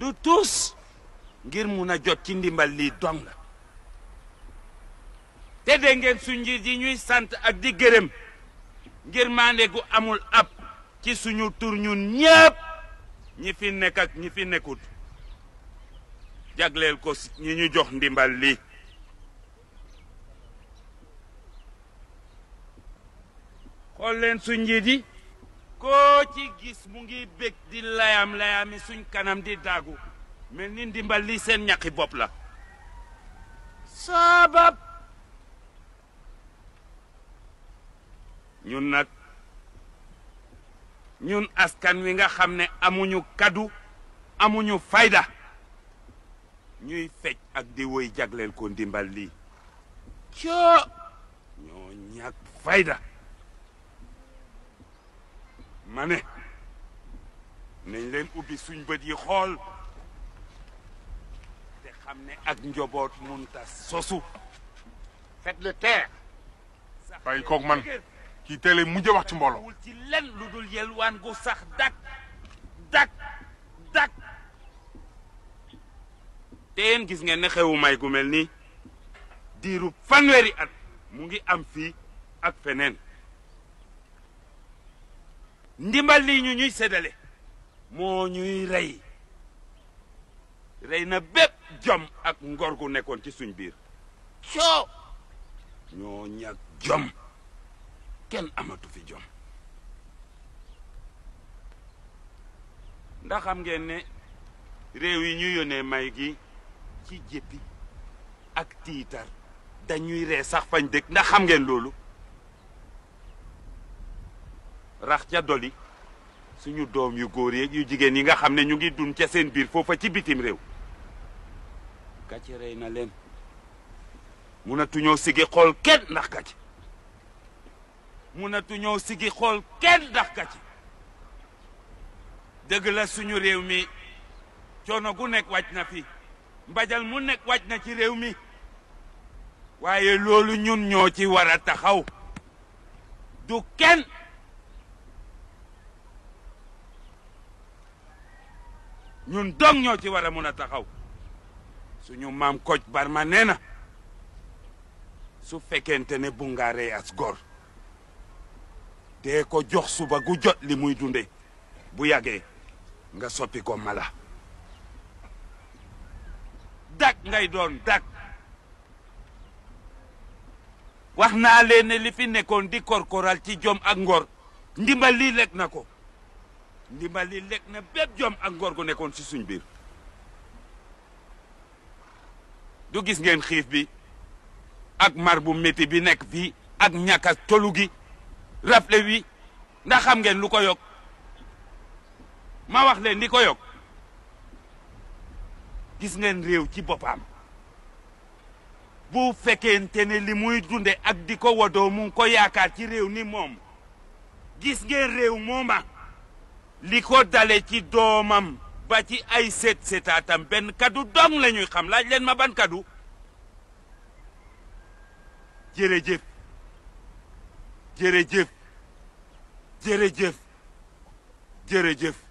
du tuus ngir mun a jot ci ndimbal li dong la te dégg ngeen su njiit yi ñuy sant ak di gërëm ngir maande gu amul ab ci suñu tur ñun ñi fi nekk ñi fi nekkut jagleel ko ñi ñu jox ndimbal li xool leen yi koo ci gis mu ngi bég di layam layami suñ kanam di daagu mel ni ndimbal li seen ñaxi bopp la sabab ñun nag ñun askan wi nga xam ne amuñu kaddu amuñu fayda ñuy fecc ak di woy jagleel ko ndimbal lii coo ñoo ñàkk fayda ma ne leen ubbi suñ bët yi xool te xam ne ak njoboot munta sosu faites le taire bàyyi koog man kii teele mujj wax ci mbooloo wul ci len lu dul yelwaan gu sax dak dak dak te gis ngeen ne xewu may gu mel nii diiru fanweeri at mu ngi am fii ak feneen ndimbal lii ñu ñuy séddale moo ñuy rey rey na bépp jom ak ngor gu nekkoon ci suñ biir coo ñoo ñàkk jom kenn amatu fi jom ndax xam ngeen ne réew yi ñu yónnee may gi ci jéppi ak tiitar dañuy ree sax fañ dëkk ndax xam ngeen loolu rax ca doli suñu doom yu góor yeeg yu jigéen yi nga xam ne ñu ngi dund ca seen biir foofa ci bitim réew gàcce rey na leen munatuñoo sigi xool kenn siggi xool kenn ndax gàcce dëgg la suñu réew mi coono gu nekk wàcc na fi mbajal mu nekk wàcc na ci réew mi waaye loolu ñun ñoo ci war a taxaw du kenn ñun dong ñoo ci war a mun a taxaw suñu maam Kocc Barma nee na su fekkente ne bungaaree as gor dee ko jox suba gu jot li muy dunde bu yàggee nga soppi ko mala dak ngay doon dak wax naa leen li fi nekkoon di korkoral ci jom ak ngor ndimbal lii lekk na ko ndimbal lekk na bépp jom ak ngor gu nekkoon ci suñ biir du gis ngeen xiif bi ak mar bu métti bi nekk fii ak ñàkka tolu gi rafle wi ndax xam ngeen lu ko yokk ma wax leen li ko yokk gis ngeen réew ci boppam bu fekkente ne li muy dunde ak di ko wodoo mu ko yaakaar ci réew ni moom gis ngeen réew mooma li ko dale ci doomam ba ci ay seet seetaatam benn kaddu dong la ñuy xam laaj leen ma ban kaddu jërëjëf jërëjëf jërëjëf jërëjëf